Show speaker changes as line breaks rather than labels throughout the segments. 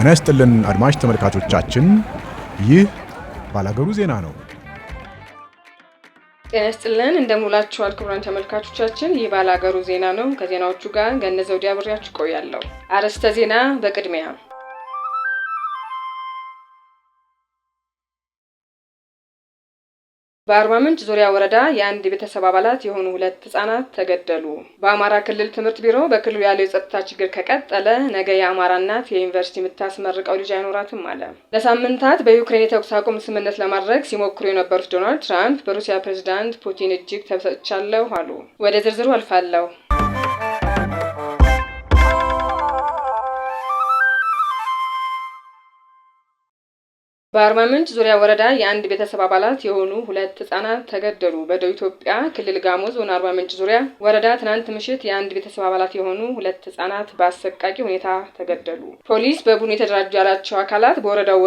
ጤና ይስጥልን አድማጭ ተመልካቾቻችን፣ ይህ ባላገሩ ዜና ነው። ጤና ይስጥልን እንደምውላችኋል ክቡራን ተመልካቾቻችን፣ ይህ ባላገሩ ዜና ነው። ከዜናዎቹ ጋር ገነ ዲያብሪያችሁ ቆያለሁ። አርዕስተ ዜና በቅድሚያ በአርባ ምንጭ ዙሪያ ወረዳ የአንድ ቤተሰብ አባላት የሆኑ ሁለት ህጻናት ተገደሉ። በአማራ ክልል ትምህርት ቢሮ በክልሉ ያለው የጸጥታ ችግር ከቀጠለ ነገ የአማራ እናት የዩኒቨርሲቲ የምታስመርቀው ልጅ አይኖራትም አለ። ለሳምንታት በዩክሬን የተኩስ አቁም ስምምነት ለማድረግ ሲሞክሩ የነበሩት ዶናልድ ትራምፕ በሩሲያ ፕሬዚዳንት ፑቲን እጅግ ተበሳጭቻለሁ አሉ። ወደ ዝርዝሩ አልፋለሁ። በአርባ ምንጭ ዙሪያ ወረዳ የአንድ ቤተሰብ አባላት የሆኑ ሁለት ህጻናት ተገደሉ። በደቡብ ኢትዮጵያ ክልል ጋሞ ዞን አርባ ምንጭ ዙሪያ ወረዳ ትናንት ምሽት የአንድ ቤተሰብ አባላት የሆኑ ሁለት ህጻናት በአሰቃቂ ሁኔታ ተገደሉ። ፖሊስ በቡድን የተደራጁ ያላቸው አካላት በወረዳው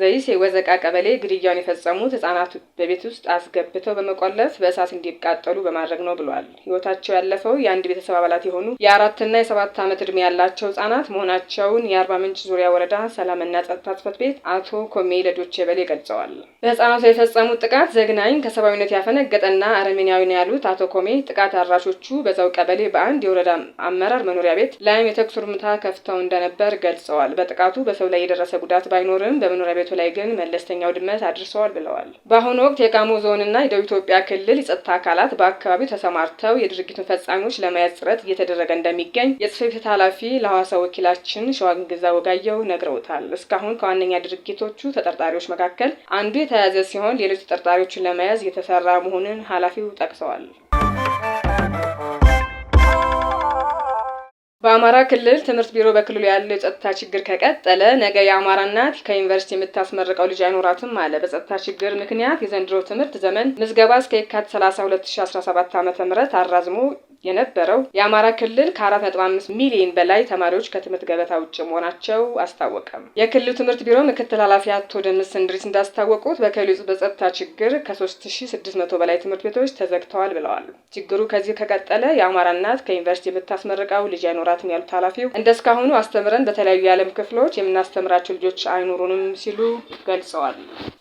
ዘይስ የወዘቃ ቀበሌ ግድያውን የፈጸሙት ህጻናቱ በቤት ውስጥ አስገብተው በመቆለፍ በእሳት እንዲቃጠሉ በማድረግ ነው ብሏል። ህይወታቸው ያለፈው የአንድ ቤተሰብ አባላት የሆኑ የአራትና የሰባት ዓመት ዕድሜ ያላቸው ህጻናት መሆናቸውን የአርባ ምንጭ ዙሪያ ወረዳ ሰላምና ጸጥታ ጽፈት ቤት አቶ ኮሜ ለዶቼ በሌ ገልጸዋል። በህጻናቱ የፈጸሙት ጥቃት ዘግናኝ፣ ከሰብአዊነት ያፈነገጠና አረመኔያዊ ነው ያሉት አቶ ኮሜ ጥቃት አድራሾቹ በዛው ቀበሌ በአንድ የወረዳ አመራር መኖሪያ ቤት ላይም የተኩስ እርምታ ከፍተው እንደነበር ገልጸዋል። በጥቃቱ በሰው ላይ የደረሰ ጉዳት ባይኖርም በመኖሪያ ቤቱ ላይ ግን መለስተኛ ውድመት አድርሰዋል ብለዋል። በአሁኑ ወቅት የጋሞ ዞንና የደቡብ ኢትዮጵያ ክልል የጸጥታ አካላት በአካባቢው ተሰማርተው የድርጊቱን ፈጻሚዎች ለመያዝ ጥረት እየተደረገ እንደሚገኝ የጽሕፈት ቤት ኃላፊ ለሐዋሳ ወኪላችን ሸዋንግዛ ወጋየው ነግረውታል። እስካሁን ከዋነኛ ድርጊቶቹ ተጠርጣሪዎች መካከል አንዱ የተያዘ ሲሆን ሌሎች ተጠርጣሪዎችን ለመያዝ የተሰራ መሆኑን ኃላፊው ጠቅሰዋል። በአማራ ክልል ትምህርት ቢሮ በክልሉ ያለው የጸጥታ ችግር ከቀጠለ ነገ የአማራ እናት ከዩኒቨርሲቲ የምታስመርቀው ልጅ አይኖራትም አለ። በጸጥታ ችግር ምክንያት የዘንድሮ ትምህርት ዘመን ምዝገባ እስከ የካቲት 30 2017 ዓ ም አራዝሞ የነበረው የአማራ ክልል ከ45 ሚሊዮን በላይ ተማሪዎች ከትምህርት ገበታ ውጭ መሆናቸው አስታወቀም። የክልሉ ትምህርት ቢሮ ምክትል ኃላፊ አቶ ደምስ እንድሪስ እንዳስታወቁት በክልሉ በጸጥታ ችግር ከ 3600 በላይ ትምህርት ቤቶች ተዘግተዋል ብለዋል። ችግሩ ከዚህ ከቀጠለ የአማራ እናት ከዩኒቨርሲቲ የምታስመርቀው ልጅ አይኖራትም ያሉት ኃላፊው እንደ እስካሁኑ አስተምረን በተለያዩ የዓለም ክፍሎች የምናስተምራቸው ልጆች አይኖሩንም ሲሉ ገልጸዋል።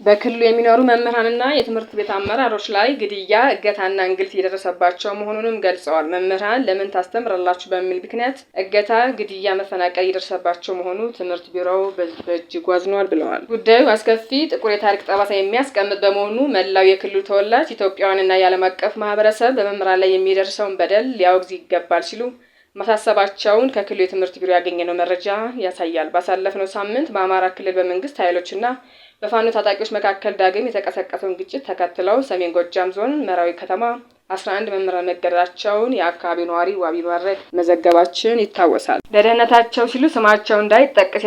በክልሉ የሚኖሩ መምህራንና የትምህርት ቤት አመራሮች ላይ ግድያ፣ እገታና እንግልት እየደረሰባቸው መሆኑንም ገልጸዋል። መምህራን ለምን ታስተምራላችሁ በሚል ምክንያት እገታ፣ ግድያ፣ መፈናቀል የደርሰባቸው መሆኑ ትምህርት ቢሮው በእጅጉ አዝኗል ብለዋል። ጉዳዩ አስከፊ ጥቁር የታሪክ ጠባሳ የሚያስቀምጥ በመሆኑ መላው የክልሉ ተወላጅ ኢትዮጵያውያንና የዓለም አቀፍ ማህበረሰብ በመምህራን ላይ የሚደርሰውን በደል ሊያወግዝ ይገባል ሲሉ ማሳሰባቸውን ከክልሉ የትምህርት ቢሮ ያገኘነው መረጃ ያሳያል። ባሳለፍነው ሳምንት በአማራ ክልል በመንግስት ኃይሎችና በፋኖ ታጣቂዎች መካከል ዳግም የተቀሰቀሰውን ግጭት ተከትለው ሰሜን ጎጃም ዞን መራዊ ከተማ አስራ አንድ መምህራን መገደላቸውን የአካባቢው ነዋሪ ዋቢ ማድረግ መዘገባችን ይታወሳል። ለደህንነታቸው ሲሉ ስማቸው እንዳይጠቀስ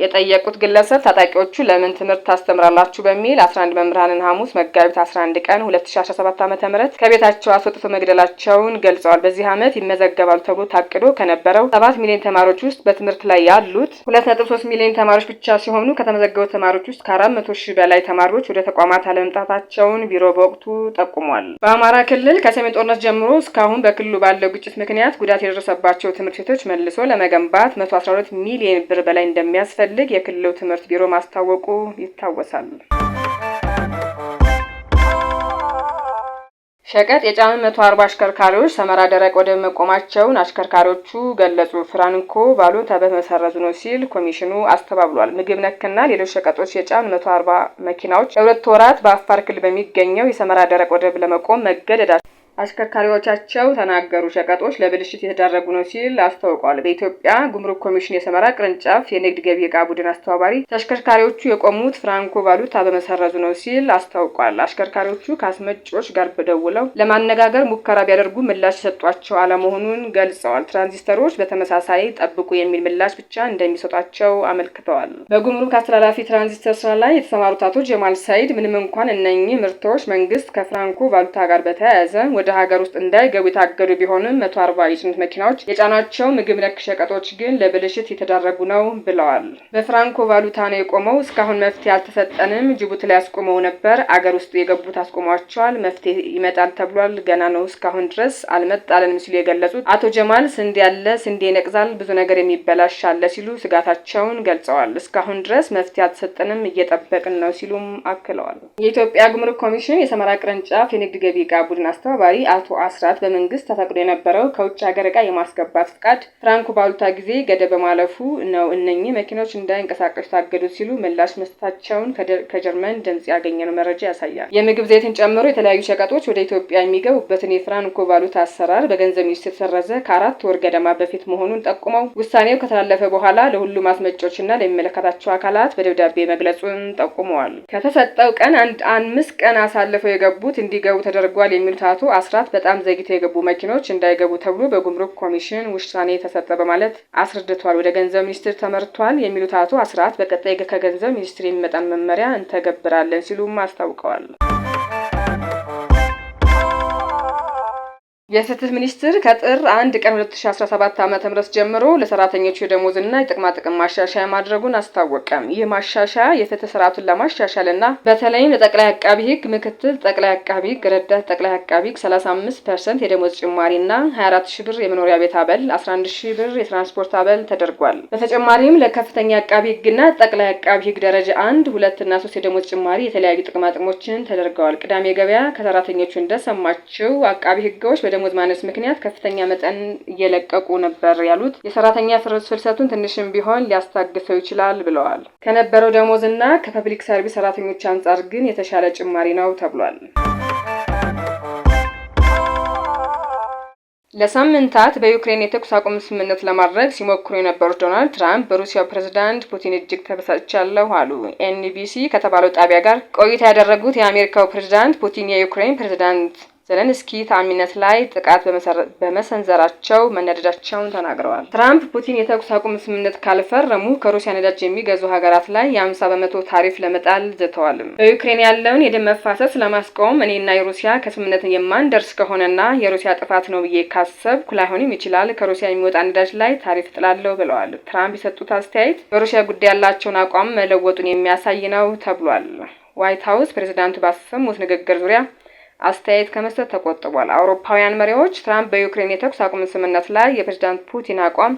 የጠየቁት ግለሰብ ታጣቂዎቹ ለምን ትምህርት ታስተምራላችሁ በሚል አስራ አንድ መምህራንን ሐሙስ መጋቢት አስራ አንድ ቀን ሁለት ሺ አስራ ሰባት ዓመተ ምህረት ከቤታቸው አስወጥቶ መግደላቸውን ገልጸዋል። በዚህ ዓመት ይመዘገባሉ ተብሎ ታቅዶ ከነበረው ሰባት ሚሊዮን ተማሪዎች ውስጥ በትምህርት ላይ ያሉት ሁለት ነጥብ ሶስት ሚሊዮን ተማሪዎች ብቻ ሲሆኑ ከተመዘገቡ ተማሪዎች ውስጥ ከአራት መቶ ሺህ በላይ ተማሪዎች ወደ ተቋማት አለመምጣታቸውን ቢሮ በወቅቱ ጠቁሟል። በአማራ ክልል ከሰሜን ጦርነት ጀምሮ እስካሁን በክልሉ ባለው ግጭት ምክንያት ጉዳት የደረሰባቸው ትምህርት ቤቶች መልሶ ለመገንባት መቶ አስራ ሁለት ሚሊዮን ብር በላይ እንደሚያስፈልግ የክልሉ ትምህርት ቢሮ ማስታወቁ ይታወሳል። ሸቀጥ የጫኑ መቶ አርባ አሽከርካሪዎች ሰመራ ደረቅ ወደብ መቆማቸውን አሽከርካሪዎቹ ገለጹ። ፍራንኮ ተበት መሰረዙ ነው ሲል ኮሚሽኑ አስተባብሏል። ምግብ ነክና ሌሎች ሸቀጦች የጫኑ መቶ አርባ መኪናዎች ለሁለት ወራት በአፋር ክልል በሚገኘው የሰመራ ደረቅ ወደብ ለመቆም መገደዳቸው አሽከርካሪዎቻቸው ተናገሩ። ሸቀጦች ለብልሽት የተዳረጉ ነው ሲል አስታውቋል። በኢትዮጵያ ጉምሩክ ኮሚሽን የሰመራ ቅርንጫፍ የንግድ ገቢ እቃ ቡድን አስተባባሪ ተሽከርካሪዎቹ የቆሙት ፍራንኮ ቫሉታ በመሰረዙ ነው ሲል አስታውቋል። አሽከርካሪዎቹ ከአስመጪዎች ጋር በደውለው ለማነጋገር ሙከራ ቢያደርጉ ምላሽ የሰጧቸው አለመሆኑን ገልጸዋል። ትራንዚስተሮች በተመሳሳይ ጠብቁ የሚል ምላሽ ብቻ እንደሚሰጧቸው አመልክተዋል። በጉምሩክ አስተላላፊ ትራንዚስተር ስራ ላይ የተሰማሩት አቶ ጀማል ሳይድ ምንም እንኳን እነኚህ ምርቶች መንግስት ከፍራንኮ ቫሉታ ጋር በተያያዘ ወደ ሀገር ውስጥ እንዳይገቡ የታገዱ ቢሆንም መቶ አርባ የጭነት መኪናዎች የጫናቸው ምግብ ነክ ሸቀጦች ግን ለብልሽት የተዳረጉ ነው ብለዋል። በፍራንኮ ነው የቆመው እስካሁን መፍትሄ አልተሰጠንም። ጅቡቲ ላይ አስቆመው ነበር። አገር ውስጥ የገቡት አስቆሟቸዋል። መፍትሄ ይመጣል ተብሏል። ገና ነው። እስካሁን ድረስ አልመጣለንም ሲሉ የገለጹት አቶ ጀማል ስንዴ ያለ ስንዴ ይነቅዛል፣ ብዙ ነገር የሚበላሽ አለ ሲሉ ስጋታቸውን ገልጸዋል። እስካሁን ድረስ መፍትሄ አልተሰጠንም፣ እየጠበቅን ነው ሲሉም አክለዋል። የኢትዮጵያ ጉምሩክ ኮሚሽን የሰመራ ቅርንጫፍ የንግድ ገቢ ዕቃ ቡድን አስተባባሪ አስተባባሪ አቶ አስራት በመንግስት ተፈቅዶ የነበረው ከውጭ ሀገር ዕቃ የማስገባት ፍቃድ ፍራንኮ ባሉታ ጊዜ ገደብ በማለፉ ነው እነኚህ መኪኖች እንዳይንቀሳቀሱ ታገዱ ሲሉ ምላሽ መስጠታቸውን ከጀርመን ድምጽ ያገኘነው መረጃ ያሳያል። የምግብ ዘይትን ጨምሮ የተለያዩ ሸቀጦች ወደ ኢትዮጵያ የሚገቡበትን የፍራንኮ ባሉታ አሰራር በገንዘብ ሚኒስቴር የተሰረዘ ከአራት ወር ገደማ በፊት መሆኑን ጠቁመው ውሳኔው ከተላለፈ በኋላ ለሁሉም አስመጪዎችና ለሚመለከታቸው አካላት በደብዳቤ መግለጹን ጠቁመዋል። ከተሰጠው ቀን አንድ አምስት ቀን አሳልፈው የገቡት እንዲገቡ ተደርጓል የሚሉት አቶ በማስራት በጣም ዘግይተው የገቡ መኪኖች እንዳይገቡ ተብሎ በጉምሩክ ኮሚሽን ውሳኔ ተሰጠ በማለት አስረድቷል። ወደ ገንዘብ ሚኒስቴር ተመርቷል የሚሉት አቶ አስራት በቀጣይ ከገንዘብ ሚኒስቴር የሚመጣን መመሪያ እንተገብራለን ሲሉም አስታውቀዋል። የፍትህ ሚኒስቴር ከጥር አንድ ቀን 2017 ዓ.ም ጀምሮ ለሰራተኞቹ የደሞዝና የጥቅማ ጥቅም ማሻሻያ ማድረጉን አስታወቀም። ይህ ማሻሻያ የፍትህ ስርዓቱን ለማሻሻልና በተለይም ለጠቅላይ አቃቢ ህግ፣ ምክትል ጠቅላይ አቃቢ ህግ፣ ረዳት ጠቅላይ አቃቢ ህግ 35 ፐርሰንት የደሞዝ ጭማሪና 24 ሺህ ብር የመኖሪያ ቤት አበል፣ 11 ሺህ ብር የትራንስፖርት አበል ተደርጓል። በተጨማሪም ለከፍተኛ አቃቢ ህግና ጠቅላይ አቃቢ ህግ ደረጃ አንድ እና ሶስት የደሞዝ ጭማሪ፣ የተለያዩ ጥቅማ ጥቅሞችን ተደርገዋል። ቅዳሜ ገበያ ከሰራተኞቹ እንደሰማችው አቃቢ ህጎች በደሞዝ ማነስ ምክንያት ከፍተኛ መጠን እየለቀቁ ነበር ያሉት የሰራተኛ ፍልሰቱን ትንሽም ቢሆን ሊያስታግሰው ይችላል ብለዋል። ከነበረው ደሞዝ እና ከፐብሊክ ሰርቪስ ሰራተኞች አንጻር ግን የተሻለ ጭማሪ ነው ተብሏል። ለሳምንታት በዩክሬን የተኩስ አቁም ስምምነት ለማድረግ ሲሞክሩ የነበሩት ዶናልድ ትራምፕ በሩሲያው ፕሬዝዳንት ፑቲን እጅግ ተበሳጭቻለሁ አሉ። ኤንቢሲ ከተባለው ጣቢያ ጋር ቆይታ ያደረጉት የአሜሪካው ፕሬዝዳንት ፑቲን የዩክሬን ፕሬዝዳንት ዘለንስኪ ተአሚነት ላይ ጥቃት በመሰንዘራቸው መነደዳቸውን ተናግረዋል። ትራምፕ ፑቲን የተኩስ አቁም ስምምነት ካልፈረሙ ከሩሲያ ነዳጅ የሚገዙ ሀገራት ላይ የአምሳ በመቶ ታሪፍ ለመጣል ዝተዋልም። በዩክሬን ያለውን የደም መፋሰስ ለማስቆም እኔና የሩሲያ ከስምምነት የማንደርስ ከሆነና የሩሲያ ጥፋት ነው ብዬ ካሰብኩ ላይሆንም ይችላል ከሩሲያ የሚወጣ ነዳጅ ላይ ታሪፍ ጥላለሁ ብለዋል። ትራምፕ የሰጡት አስተያየት በሩሲያ ጉዳይ ያላቸውን አቋም መለወጡን የሚያሳይ ነው ተብሏል። ዋይት ሀውስ ፕሬዚዳንቱ ባሰሙት ንግግር ዙሪያ አስተያየት ከመስጠት ተቆጥቧል። አውሮፓውያን መሪዎች ትራምፕ በዩክሬን የተኩስ አቁም ስምምነት ላይ የፕሬዚዳንት ፑቲን አቋም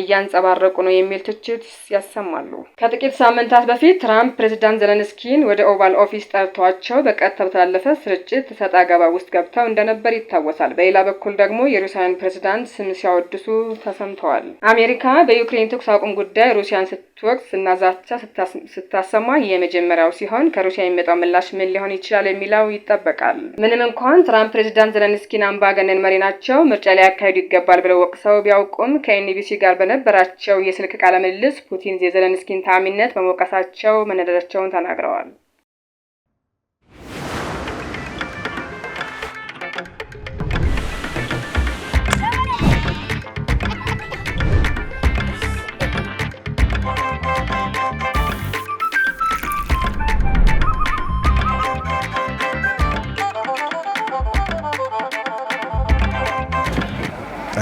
እያንጸባረቁ ነው የሚል ትችት ያሰማሉ። ከጥቂት ሳምንታት በፊት ትራምፕ ፕሬዚዳንት ዘለንስኪን ወደ ኦቫል ኦፊስ ጠርተዋቸው በቀጥታ በተላለፈ ስርጭት ሰጥ አገባ ውስጥ ገብተው እንደነበር ይታወሳል። በሌላ በኩል ደግሞ የሩሲያን ፕሬዚዳንት ስም ሲያወድሱ ተሰምተዋል። አሜሪካ በዩክሬን ተኩስ አቁም ጉዳይ ሩሲያን ስትወቅስ እና ዛቻ ስታሰማ የመጀመሪያው ሲሆን ከሩሲያ የሚመጣው ምላሽ ምን ሊሆን ይችላል የሚለው ይጠበቃል። ምንም እንኳን ትራምፕ ፕሬዚዳንት ዘለንስኪን አምባገነን መሪ ናቸው፣ ምርጫ ሊያካሂዱ ይገባል ብለው ወቅሰው ቢያውቁም ከኤንቢሲ ጋር በነበራቸው የስልክ ቃለ ምልልስ ፑቲን የዘለንስኪን ታሚነት በመወቀሳቸው መነደራቸውን ተናግረዋል።